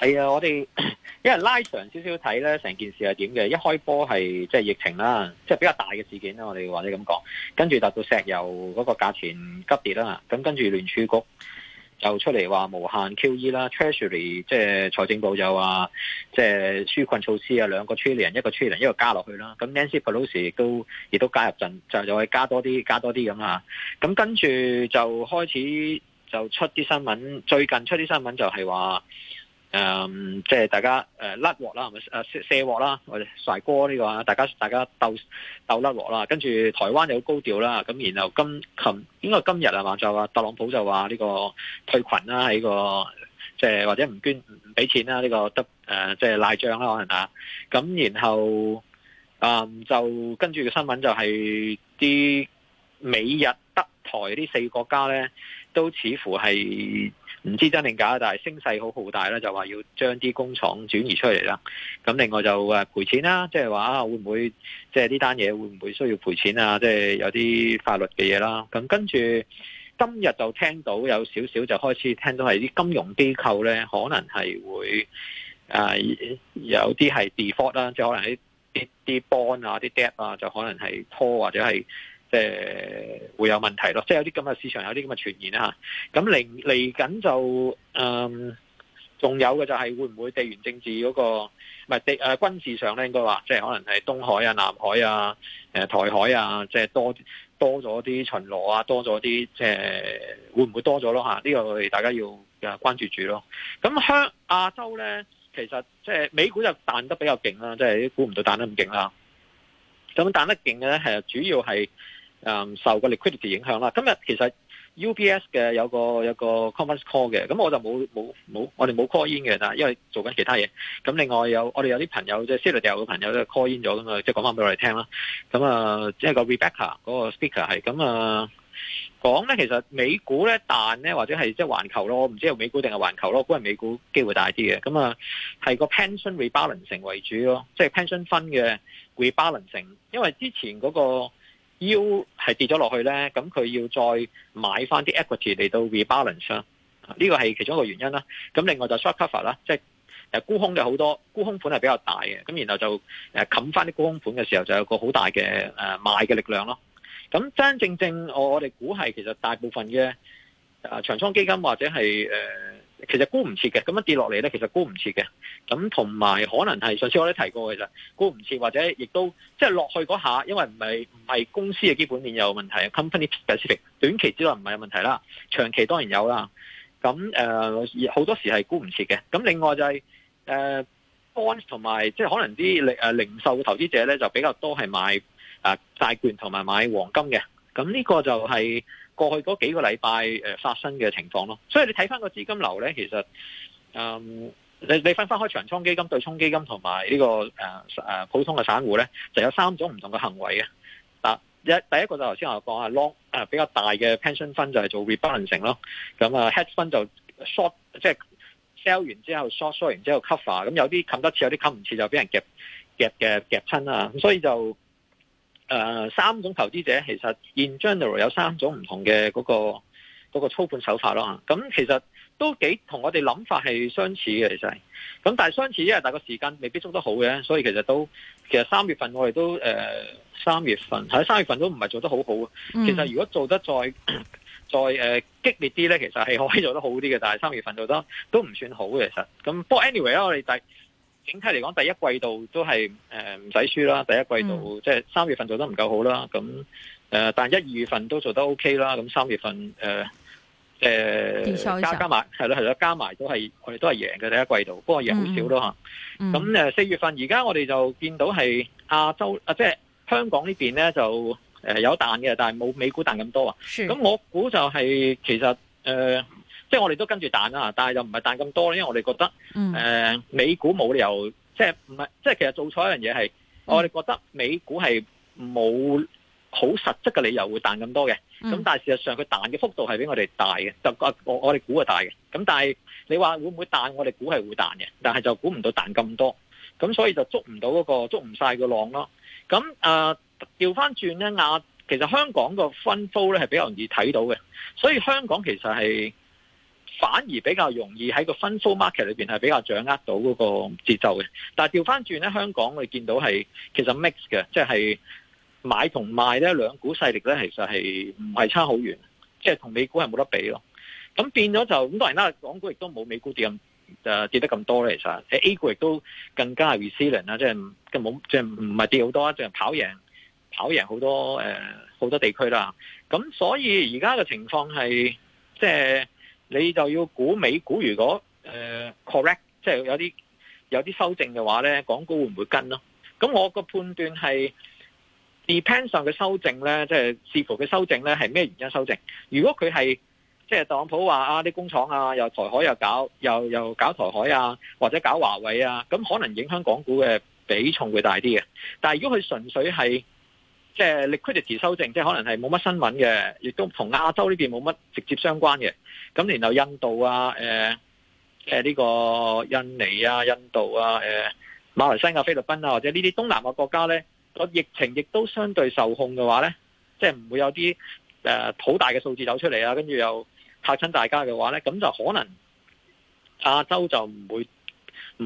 係啊，我哋因為拉長少少睇咧，成件事係點嘅？一開波係即係疫情啦，即係比較大嘅事件啦，我哋或者咁講。跟住達到石油嗰個價錢急跌啦，咁跟住聯儲局就出嚟話無限 QE 啦，Treasury 即係財政部就話即係紓困措施啊，兩個 trillion 一個 trillion 一個加落去啦。咁 Nancy Pelosi 亦都亦都加入陣，就可去加多啲，加多啲咁啊。咁跟住就開始就出啲新聞，最近出啲新聞就係話。誒、嗯，即、就、係、是、大家誒甩鑊啦，咪誒卸卸鑊啦，或者甩鍋呢個啊，大家大家鬥鬥甩鑊啦，跟住台灣好高調啦，咁然後今琴應該今日啊嘛，就話、是、特朗普就話呢個退群啦，喺、這個即係、就是、或者唔捐唔俾錢啦，呢、這個特誒即係賴賬啦可能吓，咁然後誒、嗯、就跟住嘅新聞就係、是、啲美日德台呢四國家咧，都似乎係。唔知真定假，但係聲勢好浩大啦，就話要將啲工廠轉移出嚟啦。咁另外就誒賠錢啦，即係話會唔會即係呢單嘢會唔會需要賠錢啊？即係有啲法律嘅嘢啦。咁跟住今日就聽到有少少就開始聽到係啲金融機構咧，可能係會誒、呃、有啲係 default 啦，即係可能啲啲 bond 啊、啲 debt 啊，就可能係拖或者係。即係會有問題咯，即係有啲咁嘅市場有啲咁嘅傳言啦嚇。咁嚟嚟緊就，嗯，仲有嘅就係會唔會地緣政治嗰個，唔係地啊，軍事上咧應該話，即係可能係東海啊、南海啊、台海啊，即係多多咗啲巡邏啊，多咗啲即係會唔會多咗咯嚇？呢個大家要啊關注住咯。咁香亞洲咧，其實即係美股就彈得比較勁啦，即係估唔到彈得咁勁啦。咁彈得勁嘅咧其實主要係。誒、嗯、受個 liquidity 影響啦，今日其實 UBS 嘅有個有個 conference call 嘅，咁我就冇冇冇，我哋冇 call in 嘅啦，但因為做緊其他嘢。咁另外有我哋有啲朋友即係 Seattle 有個朋友咧 call in 咗咁啊，即係講翻俾我哋聽啦。咁啊，即係個 Rebecca 嗰個 speaker 係咁啊，講咧其實美股咧但咧，或者係即係環球咯，我唔知係美股定係環球咯，估係美股機會大啲嘅。咁啊，係個 pension rebalancing 為主咯，即、就、係、是、pension 分嘅 rebalancing，因為之前嗰、那個。U 係跌咗落去咧，咁佢要再買翻啲 equity 嚟到 rebalance，呢個係其中一個原因啦。咁另外就 short cover 啦，即係沽空嘅好多沽空盤係比較大嘅，咁然後就誒冚翻啲沽空盤嘅時候就有個好大嘅誒買嘅力量咯。咁真正正我哋估係其實大部分嘅長倉基金或者係誒。其實沽唔切嘅，咁樣跌落嚟咧，其實沽唔切嘅。咁同埋可能係上次我都提過嘅啫，沽唔切或者亦都即係落去嗰下，因為唔係唔係公司嘅基本面有問題，company specific 短期之內唔係有問題啦，長期當然有啦。咁誒好多時係沽唔切嘅。咁另外就係誒，bond 同埋即係可能啲零,零售嘅投資者咧就比較多係買啊呃、債券同埋買黃金嘅。咁呢個就係、是。過去嗰幾個禮拜誒發生嘅情況咯，所以你睇翻個資金流咧，其實誒你你分分開長倉基金、對沖基金同埋呢個誒普通嘅散戶咧，就有三種唔同嘅行為嘅。一第一個就頭先我講下 long 比較大嘅 pension 分就係做 rebalance 咯，咁啊 head 分就 short，即係 sell 完之後 short，short 完之後 cover，咁有啲冚得切，有啲冚唔切就俾人夾夾嘅夾親啦，所以就。誒、呃、三種投資者其實 in general 有三種唔同嘅嗰、嗰個嗰個操盤手法咯，咁其實都幾同我哋諗法係相似嘅，其實，咁但係相似，因為大個時間未必捉得好嘅，所以其實都其實三月份我哋都誒三、呃、月份喺三月份都唔係做得好好、嗯，其實如果做得再再、呃、激烈啲咧，其實係可以做得好啲嘅，但係三月份做得都唔算好嘅，其實，咁不過 anyway 啦、就是，我哋第。整體嚟講，第一季度都係誒唔使輸啦。第一季度即係三月份做得唔夠好啦，咁誒、呃，但一、二月份都做得 OK 啦。咁三月份誒，即係加加埋係咯係咯，加埋都係我哋都係贏嘅。第一季度不過贏好少咯吓。咁、嗯、誒，四月份而家我哋就見到係亞洲誒，即、嗯、係、啊就是、香港這邊呢邊咧就誒有彈嘅，但係冇美股彈咁多啊。咁我估就係、是、其實誒。呃即係我哋都跟住彈啊，但係又唔係彈咁多，因為我哋覺得嗯、呃、美股冇理由，即係唔係即係其實做錯一樣嘢係，我哋覺得美股係冇好實質嘅理由會彈咁多嘅。咁但係事實上佢彈嘅幅度係比我哋大嘅，就我我哋估係大嘅。咁但係你話會唔會彈？我哋估係會彈嘅，但係就估唔到彈咁多，咁所以就捉唔到嗰、那個捉唔晒個浪咯。咁啊調翻轉咧，啊、呃、其實香港個分佈咧係比較容易睇到嘅，所以香港其實係。反而比較容易喺個分佈 market 裏邊係比較掌握到嗰個節奏嘅。但係調翻轉咧，香港我哋見到係其實 mix 嘅，即係買同賣咧兩股勢力咧，其實係唔係差好遠。即係同美股係冇得比咯。咁變咗就咁多人啦，港股亦都冇美股跌咁誒跌得咁多咧。其實 A 股亦都更加 resilient 啦，即係根本即係唔係跌好多，即係跑贏跑贏好多誒好多地區啦。咁所以而家嘅情況係即係。你就要估美股如果誒 correct，即、呃、係、就是、有啲有啲修正嘅話咧，港股會唔會跟咯？咁我個判斷係，depends 上嘅修正咧，即係視乎佢修正咧係咩原因修正。如果佢係即係特朗普話啊，啲工廠啊又台海又搞又又搞台海啊，或者搞華為啊，咁可能影響港股嘅比重會大啲嘅。但係如果佢純粹係，即係 liquidity 修正，即係可能係冇乜新聞嘅，亦都同亞洲呢邊冇乜直接相關嘅。咁然後印度啊，誒誒呢個印尼啊、印度啊、誒、呃、馬來西亞、菲律賓啊或者呢啲東南亞國家咧，個疫情亦都相對受控嘅話咧，即係唔會有啲誒好大嘅數字走出嚟，啊，跟住又吓親大家嘅話咧，咁就可能亞洲就唔會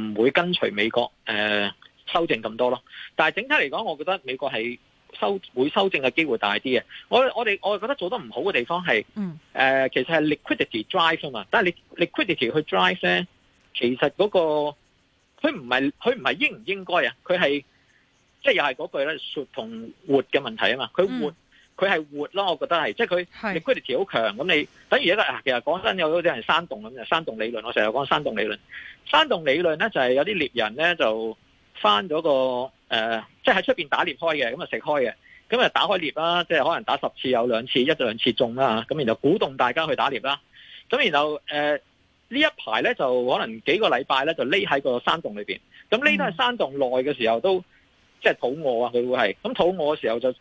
唔會跟隨美國誒、呃、修正咁多咯。但係整體嚟講，我覺得美國係。會修正嘅機會大啲嘅，我我哋我覺得做得唔好嘅地方係，誒，其實係 liquidity drive 啊嘛，但係你 liquidity 去 drive 咧，其實嗰個佢唔係佢唔係應唔應該啊，佢係即係又係嗰句咧，熟同活嘅問題啊嘛，佢活佢係活咯，我覺得係，即係佢 liquidity 好強咁，你等於一個啊，其實講真有啲人山洞，咁就山洞理論，我成日講山洞理論，山洞理論咧就係有啲獵人咧就翻咗個誒、呃。即係喺出邊打獵開嘅，咁啊食開嘅，咁啊打開獵啦，即、就、係、是、可能打十次有兩次一兩次中啦、啊，咁然後鼓動大家去打獵啦，咁然後誒、呃、呢一排咧就可能幾個禮拜咧就匿喺個山洞裏邊，咁匿都係山洞內嘅時候、嗯、都即係肚餓啊，佢會係咁肚餓嘅時候就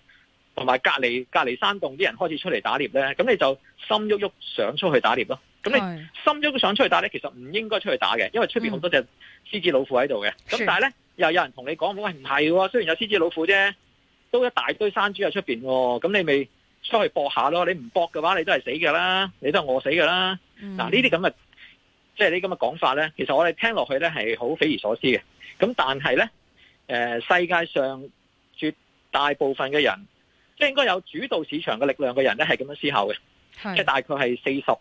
同埋隔籬隔籬山洞啲人開始出嚟打獵咧，咁你就心喐喐想出去打獵咯，咁你心喐喐想出去打獵、嗯、其實唔應該出去打嘅，因為出邊好多隻獅子老虎喺度嘅，咁但係咧。又有人同你講喂，唔係喎，雖然有獅子老虎啫，都一大堆山豬喺出面喎。咁你咪出去搏下咯。你唔搏嘅話，你都係死㗎啦，你都係餓死㗎啦。嗱、嗯，呢啲咁嘅即係呢啲咁嘅講法咧，其實我哋聽落去咧係好匪夷所思嘅。咁但係咧，誒世界上絕大部分嘅人，即係應該有主導市場嘅力量嘅人咧，係咁樣思考嘅，即係大概係四十，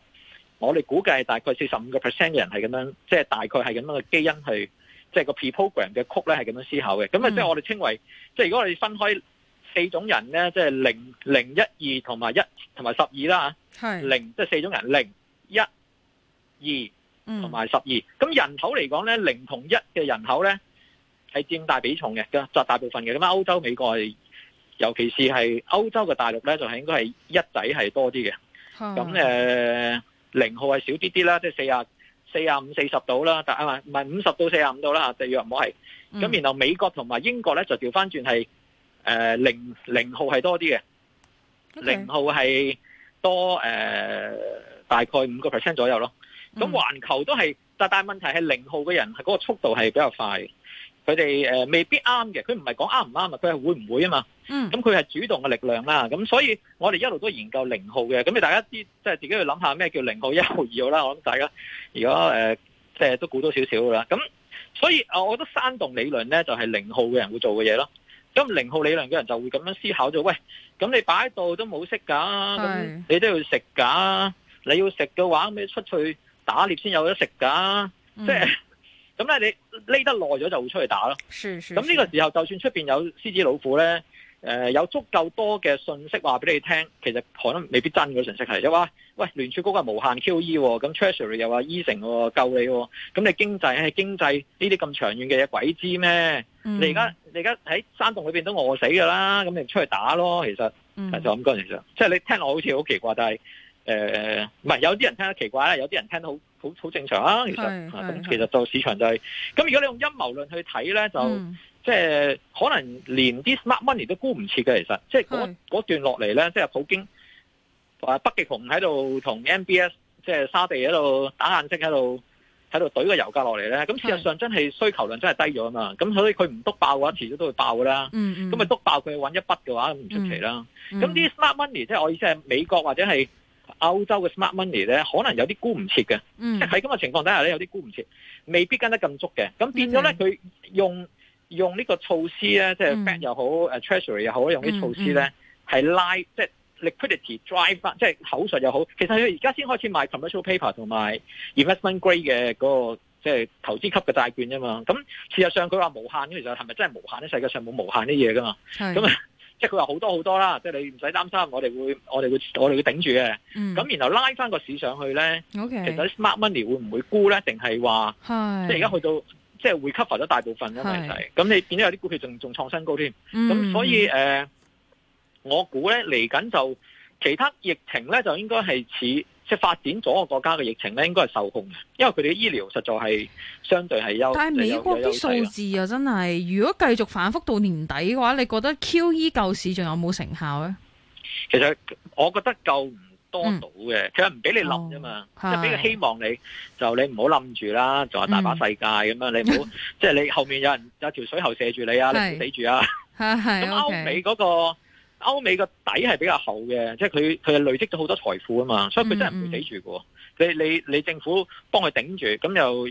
我哋估計大概四十五個 percent 嘅人係咁樣，即係大概係咁樣嘅基因去。即係個 program 嘅曲咧係咁樣思考嘅，咁啊即係我哋稱為即係如果我哋分開四種人咧，即係零、零、一、二同埋一同埋十二啦，嚇，係零即係四種人零、一、二同埋十二。咁人口嚟講咧，零同一嘅人口咧係佔大比重嘅，嘅佔大部分嘅。咁啊，歐洲美國係尤其是係歐洲嘅大陸咧，就係應該係一仔係多啲嘅。咁誒零號係少啲啲啦，即係四啊。四十五四十度啦，唔係五十到四十五度啦，第二唔好係。咁、嗯、然後美國同埋英國咧就調翻轉係，誒零零號係多啲嘅，零、okay。號係多誒、呃、大概五個 percent 左右咯。咁、嗯、環球都係，但但問題係零號嘅人係嗰個速度係比較快。佢哋誒未必啱嘅，佢唔係講啱唔啱啊，佢係會唔會啊嘛。嗯，咁佢係主動嘅力量啦。咁所以我哋一路都研究零號嘅，咁你大家知即係自己去諗下咩叫零號、 一號、二號啦。我諗大家如果誒、呃、即係都估多少少噶啦。咁所以我覺得山洞理論咧就係、是、零號嘅人會做嘅嘢咯。咁零號理論嘅人就會咁樣思考咗：「喂，咁你擺喺度都冇食㗎，咁你都要食㗎。你要食嘅話，咁你出去打獵先有得食㗎，即係。咁咧，你匿得耐咗就會出去打咯。是是。咁呢個時候，就算出邊有獅子老虎咧，誒、呃、有足夠多嘅信息話俾你聽，其實可能未必真嘅信息係就話，喂，聯儲局係無限 QE，咁 Treasury 又話 E 成喎、哦、救你喎、哦，咁你經濟係、哎、經濟呢啲咁長遠嘅嘢鬼知咩、嗯？你而家你而家喺山洞裏面都餓死㗎啦，咁你出去打咯，其實、嗯、就咁講，其實即係你聽落好似好奇怪，但係。誒、呃，唔係有啲人聽得奇怪啦，有啲人聽得好好好正常啦、啊、其實，咁、啊、其實就市場就係、是，咁如果你用陰謀論去睇咧，就即係、嗯、就是、可能連啲 smart money 都估唔切嘅。其實，即係嗰段落嚟，咧，即、就、係、是、普京啊，北極熊喺度同 MBS 即係沙地喺度打眼色，喺度喺度懟個油價落嚟咧。咁事實上真係需求量真係低咗啊嘛。咁所以佢唔督爆嘅話，遲早都會爆㗎啦。咁咪督爆佢搵一筆嘅話，唔出奇啦。咁、嗯、啲、嗯、smart money 即係我意思係美國或者係。歐洲嘅 Smart Money 咧，可能有啲估唔切嘅，即係喺咁嘅情況底下咧，有啲估唔切，未必跟得咁足嘅。咁變咗咧，佢、嗯、用用呢個措施咧、嗯，即係 Bank 又好、嗯、，Treasury 又好，用啲措施咧，係、嗯嗯、拉即係 liquidity drive 翻，即係口述又好。其實佢而家先開始買 commercial paper 同埋 investment grade 嘅嗰、那個即係、就是、投資級嘅債券啫嘛。咁事實上佢話無限，其實係咪真係無限咧？世界上冇無限啲嘢噶嘛。咁啊。嗯即係佢話好多好多啦，即係你唔使擔心，我哋會我哋會我哋會頂住嘅。咁、嗯、然後拉翻個市上去咧，okay, 其實 smart money 會唔會沽咧？定係話即係而家去到即係會 cover 咗大部分嘅問題。咁你見到有啲股票仲仲創新高添。咁、嗯、所以誒、嗯呃，我估咧嚟緊就其他疫情咧，就應該係似。即係發展中嘅國家嘅疫情咧，應該係受控嘅，因為佢哋嘅醫療實在係相對係優。但係美國啲數字啊，真係，如果繼續反復到年底嘅話，你覺得 QE 救市仲有冇成效咧？其實我覺得救唔多到嘅，佢係唔俾你冧啫嘛，就俾佢希望你，就你唔好冧住啦，就話大把世界咁樣，你唔好即係你後面有人有條水喉射住你啊，你唔死住啊。咁歐美嗰個。歐美個底係比較厚嘅，即係佢佢係累積咗好多財富啊嘛，所以佢真係唔會死住嘅。嗯嗯。你你你政府幫佢頂住，咁又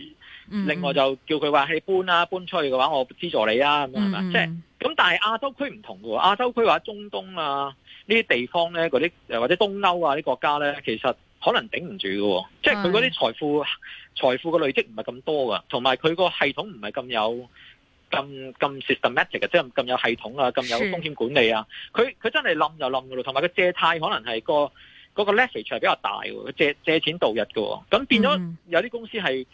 另外就叫佢話去搬啊，搬出去嘅話我資助你啊，咁啊嘛，即係咁。但係亞洲區唔同嘅喎，亞洲區話中東啊呢啲地方咧，嗰啲或者東歐啊啲國家咧，其實可能頂唔住喎。即係佢嗰啲財富財富嘅累積唔係咁多㗎，同埋佢個系統唔係咁有。咁咁 systematic 嘅，即係咁有系統啊，咁有風險管理啊，佢佢真係冧就冧噶咯，同埋佢借貸可能係個嗰個 leverage 係比較大嘅，佢借借錢度日㗎，咁變咗有啲公司係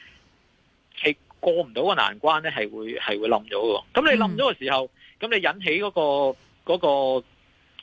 係過唔到個難關咧，係會係會冧咗㗎。咁你冧咗嘅時候，咁你引起嗰個嗰個。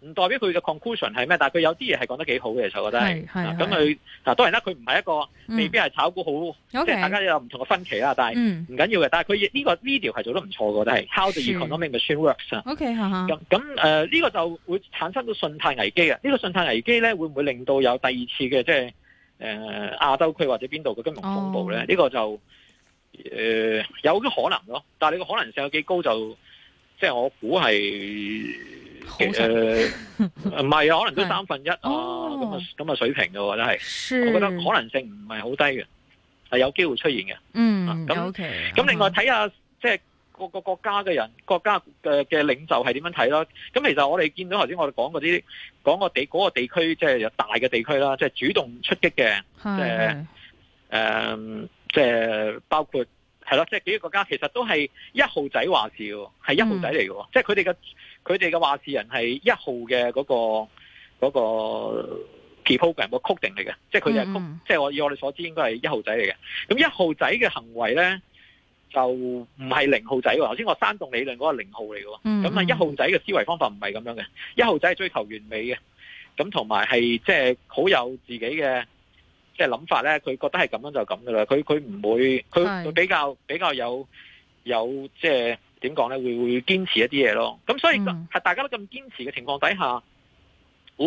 唔代表佢嘅 conclusion 係咩，但係佢有啲嘢係講得幾好嘅，其實我覺得係。係咁佢嗱，當然啦，佢唔係一個未必係炒股好，即、嗯、係、就是、大家有唔同嘅分歧啦、okay，嗯。但係唔緊要嘅，但係佢呢個呢條係做得唔錯嘅，都係。How the economic，嗯、machine works OK 咁咁誒，呢、啊呃這個就會產生到信貸危機嘅。呢、這個信貸危機咧，會唔會令到有第二次嘅即係誒亞洲區或者邊度嘅金融風暴咧？呢、哦這個就誒、呃、有啲可能咯。但係你個可能性有幾高就即係我估係。其實唔係啊，可能都三分一啊，咁啊咁啊水平嘅，真係，我覺得可能性唔係好低嘅，係有機會出現嘅。嗯、咁、啊，咁、嗯嗯 okay, okay. 另外睇下即係、就是、各個國家嘅人，國家嘅嘅領袖係點樣睇咯？咁其實我哋見到頭先我哋講嗰啲，講、那個地嗰個、就是、地區，即、就、係、是、有大嘅地區啦，即、就、係、是、主動出擊嘅，誒誒，即、呃、係、就是、包括係咯，即係、就是、幾個國家，其實都係一號仔話事嘅，係一號仔嚟嘅，即係佢哋嘅。就是佢哋嘅話事人係一號嘅嗰個嗰個 program 嘅 coding 嚟嘅，即係佢係 coding，即係我以我哋所知應該係一號仔嚟嘅。咁一號仔嘅行為咧就唔係零號仔喎。頭先我山洞理論嗰個零號嚟嘅，咁啊，一號仔嘅思維方法唔係咁樣嘅。一號仔係追求完美嘅，咁同埋係即係好有自己嘅即係諗法咧。佢覺得係咁樣就咁噶啦。佢佢唔會，佢佢比較比較有有即係。點講咧，會會堅持一啲嘢咯。咁所以係大家都咁堅持嘅情況底下，嗯、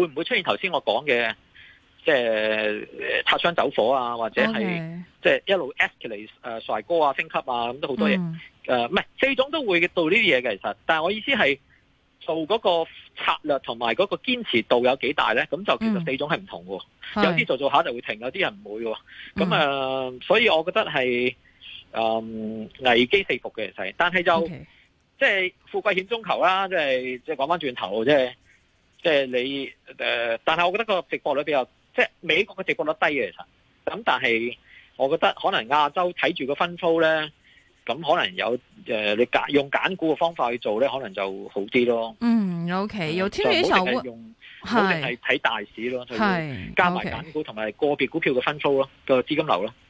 會唔會出現頭先我講嘅，即、就、係、是、擦槍走火啊，或者係即係一路 escalate 誒、呃，帥哥啊，升級啊，咁都好多嘢。誒、嗯，唔、呃、係四種都會做呢啲嘢嘅，其實。但係我意思係做嗰個策略同埋嗰個堅持度有幾大咧？咁就其實四種係唔同嘅，嗯，有啲做做下就會停，有啲人唔會嘅。咁啊、呃，所以我覺得係。嗯，危機四伏嘅其實，但係就、okay. 即係富貴險中求啦，即係即係講返轉頭，即係即係你誒、呃，但係我覺得個值博率比較，即係美國嘅值博率低嘅其實，咁但係我覺得可能亞洲睇住個分粗咧，咁可能有誒、呃，你揀用揀股嘅方法去做咧，可能就好啲咯。嗯，OK，嗯有天雨又係一定係睇大市咯，係加埋揀股同埋個別股票嘅分粗咯，個資、okay. 金流咯。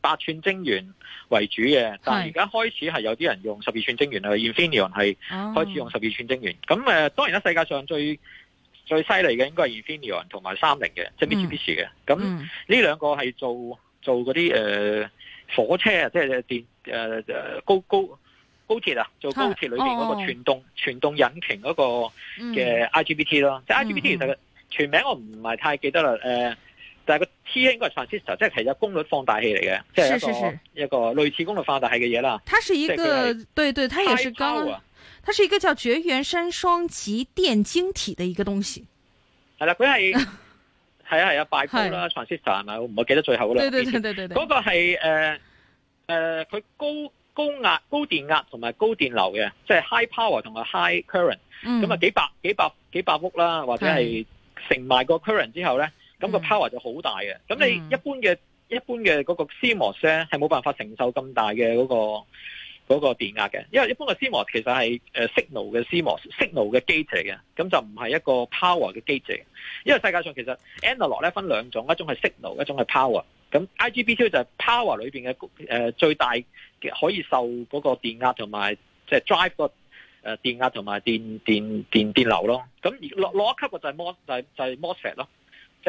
八寸晶圓為主嘅，但係而家開始係有啲人用十二寸晶圓去 Infineon 係開始用十二寸晶圓。咁、oh. 誒、呃，當然啦，世界上最最犀利嘅應該係 Infineon 同埋三菱嘅，即係 b g b C 嘅。咁呢兩個係做做嗰啲誒火車啊，即係電誒誒高高高鐵啊，做高鐵裏邊嗰個傳動、oh. 傳動引擎嗰個嘅 IGBT 咯、mm -hmm.。即係 IGBT 其實全名我唔係太記得啦，誒、呃。但係個 T 應該係 transistor，即係係個功率放大器嚟嘅，即係一個是是是一個類似功率放大器嘅嘢啦。它是一個是是對對，它也是高，它是一個叫絕緣柵雙極電晶體嘅一個東西。係 啦，佢係係啊係啊，拜高啦，transistor 係咪？ 我唔記得最後嗰嗰、那個係誒誒，佢、呃呃、高高壓高電壓同埋高電流嘅，即係 high power 同埋 high current、嗯。咁啊，幾百幾百幾百伏啦是，或者係乘埋個 current 之後咧。咁個 power 就好大嘅。咁你一般嘅、mm. 一般嘅嗰個 CMOS 咧，係冇辦法承受咁大嘅嗰個嗰個電壓嘅，因為一般嘅 CMOS 其實係誒 signal 嘅 CMOS signal 嘅機制嚟嘅，咁就唔係一個 power 嘅機制嚟嘅。因為世界上其實 analogue 咧分兩種，一種係 signal，一種係 power。咁 IGBT 就係 power 裏邊嘅誒最大嘅可以受嗰個電壓同埋即係 drive 個誒電壓同埋電電電電流咯。咁落落一級嘅就係 mos 就係就係 mosfet 咯。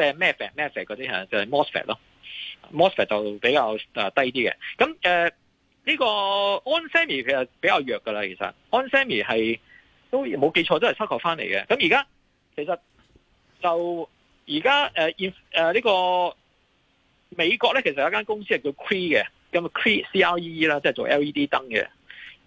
即係咩？Fat 咩 f 嗰啲吓，就係、是、Mosfet 咯，Mosfet 就比較誒低啲嘅。咁誒呢個 Onsemi 其實比較弱噶啦，其實 Onsemi 係都冇記錯都係收購翻嚟嘅。咁而家其實就而家誒誒呢個美國咧，其實有一間公司係叫 Cree 嘅，咁 Cree C R E E 啦，即係做 L E D 燈嘅，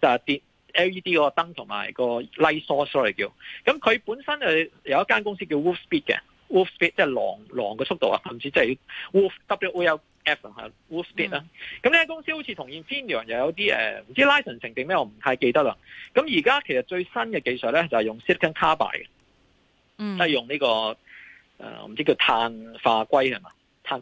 就係、是、L E D 嗰個燈同埋個 light source 嚟叫。咁佢本身就有一間公司叫 WolfSpeed 嘅。Wolf Speed 即係狼狼嘅速度啊，甚至即係 Wolf，W O L F 吓 Wolf Speed 啦、嗯。咁呢間公司好似同 Infineon 又有啲誒，唔知 license 成定咩，我唔太記得啦。咁而家其實最新嘅技術咧就係、是、用 silicon carbide，即、嗯、係、就是、用呢、這個誒，唔、呃、知叫碳化硅係嘛？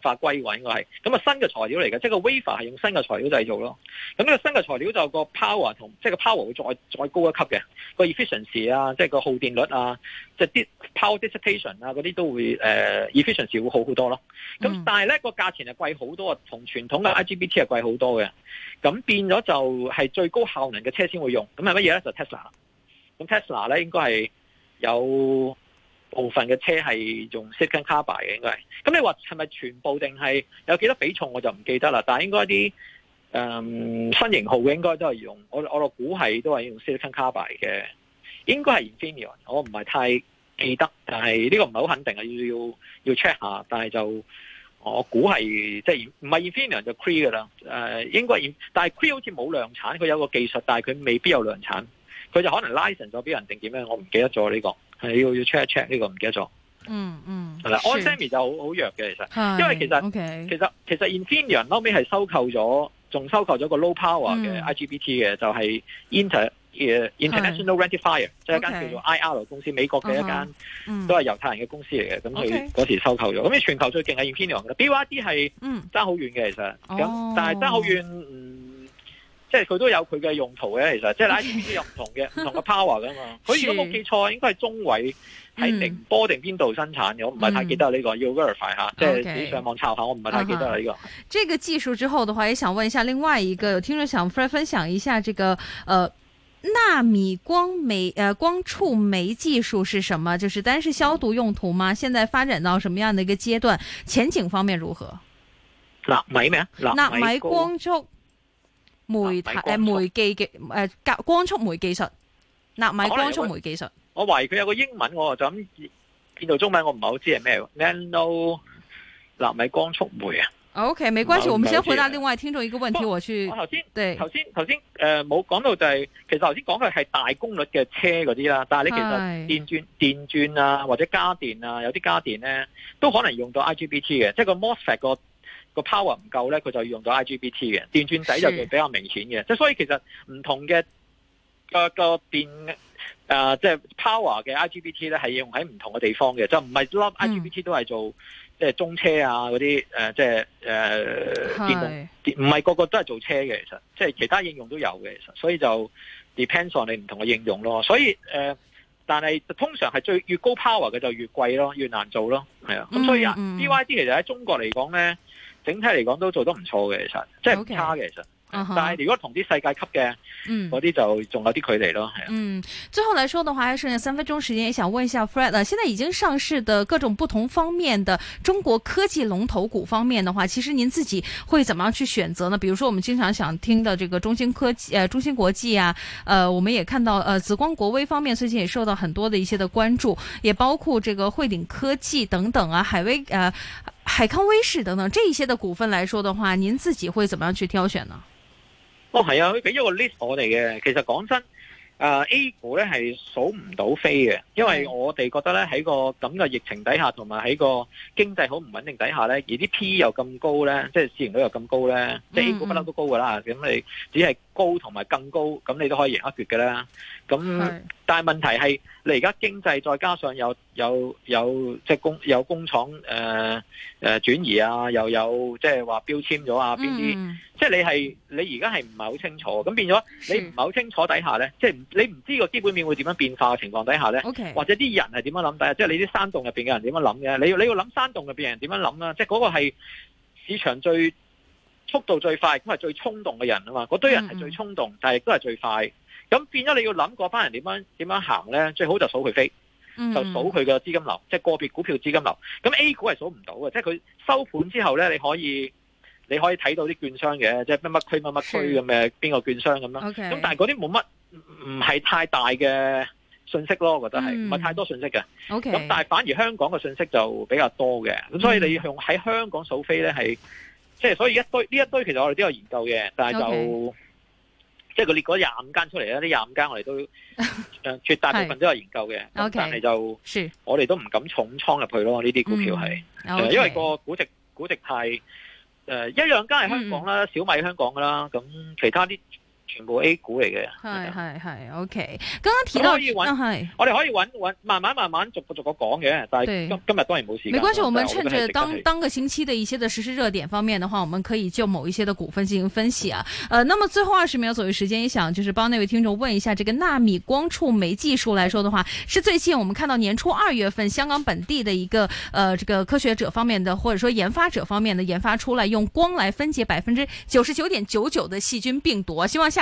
辦法歸位，應該係咁啊，新嘅材料嚟嘅，即係個 wafer 係用新嘅材料製造咯。咁呢個新嘅材料就個 power 同即係個 power 會再再高一級嘅，個 efficiency 啊，即係個耗電率啊，即係啲 power dissipation 啊嗰啲都會誒、呃、efficiency 會好好多咯。咁但係咧個價錢係貴好多，啊，同傳統嘅 IGBT 係貴好多嘅。咁變咗就係最高效能嘅車先會用，咁係乜嘢咧？就是、Tesla, Tesla。咁 Tesla 咧應該係有。部分嘅車係用 silicon carbide 嘅，應該係。咁你話係咪全部定係有幾多比重我就唔記得啦。但係應該啲誒、嗯、新型號應該都係用，我我個估係都係用 silicon carbide 嘅。應該係 Infinior 我唔係太記得，但係呢個唔係好肯定嘅，要要要 check 下。但係就我估係即係唔係 Infinior 就 Cree 嘅啦。誒、呃、應該 in，但係 Cree 好似冇量產，佢有個技術，但係佢未必有量產。佢就可能 license 咗俾人定點樣，我唔記得咗呢、這個。你要要 check 一 check 呢個唔記得咗。嗯嗯，係啦，On、sure. semi 就好好弱嘅其實，因為其實、okay. 其實其實 Infineon 後尾係收購咗，仲收購咗個 low power 嘅、嗯、IGBT 嘅，就係、是、inter international rectifier 即係一間叫做 IR 公司，美國嘅一間，uh -huh. 都係猶太人嘅公司嚟嘅。咁佢嗰時收購咗，咁你全球最勁係 Infineon 嘅 BYD 係，係爭好遠嘅其實，咁、oh. 但係爭好遠。即係佢都有佢嘅用途嘅，其實即係嗱，呢唔同嘅，唔 同嘅 power 噶嘛。佢如果冇記錯，應該係中位，係寧波定邊度生產嘅，我唔係太記得呢、這個。嗯、要 verify 吓、嗯，即係你上網查下，嗯、我唔係太記得啦呢、這個。這個技術之後的話，也想問一下另外一個有聽眾想分分享一下，這個呃納米光媒呃光觸媒技術是什麼？就是單是消毒用途嗎？現在發展到什麼樣的一個階段？前景方面如何？納、啊、米咩啊？納米，米光之後媒、誒媒技嘅誒，光速媒技術納米光速媒技術，我懷疑佢有個英文，我就咁變做中文我不，我唔係好知係咩。nano 納米光速媒啊。O K，沒關係，我們先回答另外聽眾一個問題。我去對頭先頭先誒，冇講、呃、到就係、是，其實頭先講嘅係大功率嘅車嗰啲啦。但係你其實電鑽電鑽啊，或者家電啊，有啲家電咧，都可能用到 I G B T 嘅，即係個 mosfet 個。個 power 唔夠咧，佢就要用到 IGBT 嘅電轉仔就比較明顯嘅，即係所以其實唔同嘅個個變誒即係 power 嘅 IGBT 咧係用喺唔同嘅地方嘅，就唔係粒 IGBT 都係做、嗯、即係中車啊嗰啲誒即係誒、呃、電動唔係個個都係做車嘅，其實即係其他應用都有嘅，其實所以就 depends on 你唔同嘅應用咯，所以誒、呃，但係通常係最越高 power 嘅就越貴咯，越難做咯，係啊，咁所以啊、嗯嗯、BYD 其實喺中國嚟講咧。整體嚟講都做得唔錯嘅，其實即係好差嘅，其實。但係如果同啲世界級嘅，嗯，嗰啲就仲有啲距離咯，係啊。嗯，最後來說的話，還剩下三分鐘時間，也想問一下 Fred、啊、現在已經上市嘅各種不同方面的中國科技龍頭股方面嘅話，其實您自己會怎麼樣去選擇呢？比如說，我們經常想聽的這個中芯科技、啊、中芯國際啊，呃、啊、我們也看到呃、啊、紫光國威方面最近也受到很多的一些的關注，也包括這個匯頂科技等等啊，海威呃海康威視等等這一些的股份來說的話，您自己會怎麼樣去挑選呢？哦係啊，佢俾咗個 list 我哋嘅。其實講真，誒、呃、A 股咧係數唔到飛嘅，因為我哋覺得咧喺個咁嘅疫情底下，同埋喺個經濟好唔穩定底下咧，而啲 P 又咁高咧，即係市盈率又咁高咧，A 股不嬲都高噶啦。咁、嗯嗯、你只係。高同埋更高，咁你都可以贏一截嘅啦。咁但係問題係，你而家經濟再加上有有有即係、就是、工有工廠誒誒轉移啊，又有即係話標籤咗啊邊啲、嗯。即係你係你而家係唔係好清楚，咁變咗你唔係好清楚底下咧，即係、就是、你唔知個基本面會點樣變化嘅情況底下咧、okay，或者啲人係點樣諗底下，即、就、係、是、你啲山洞入邊嘅人點樣諗嘅，你要你要諗山洞入邊人點樣諗啦。即係嗰個係市場最。速度最快咁係最衝動嘅人啊嘛，嗰堆人係最衝動，嗯、但係亦都係最快。咁變咗你要諗嗰班人點樣點樣行咧，最好就數佢飛，嗯、就數佢嘅資金流，即、就、係、是、個別股票資金流。咁 A 股係數唔到嘅，即係佢收盤之後咧，你可以你可以睇到啲券商嘅，即係乜乜區乜乜區咁嘅邊個券商咁啦。咁、okay，但係嗰啲冇乜唔係太大嘅信息咯，我覺得係唔係太多信息嘅。咁、okay，但係反而香港嘅信息就比較多嘅，咁所以你用喺香港數飛咧係。嗯是。即係所以一堆呢一堆，一堆其實我哋都有研究嘅，但係就、okay. 即係佢列嗰廿五間出嚟咧，呢廿五間我哋都誒、 呃、絕大部分都有研究嘅，okay. 但係就是我哋都唔敢重倉入去咯，呢啲股票係，mm. 呃 okay. 因為個估值估值太誒一兩間係香港啦，mm. 小米香港㗎啦，咁其他啲。全部 A 股嚟嘅，係係係，OK。剛剛提到可以揾，我哋可以揾揾，慢慢慢慢逐個逐個講嘅。但係今今日當然冇事。沒關係，我們趁着當當個星期的一些的時事熱點方面的話，我們可以就某一些的股份進行分析啊。嗯、呃，那麼最後二十秒左右時間，也想就是幫那位聽眾問一下，這個納米光觸媒技術來說的話，是最近我們看到年初二月份香港本地的一個呃，這個科學者方面的，或者說研發者方面的研發出來，用光來分解百分之九十九點九九的細菌病毒，啊，希望下。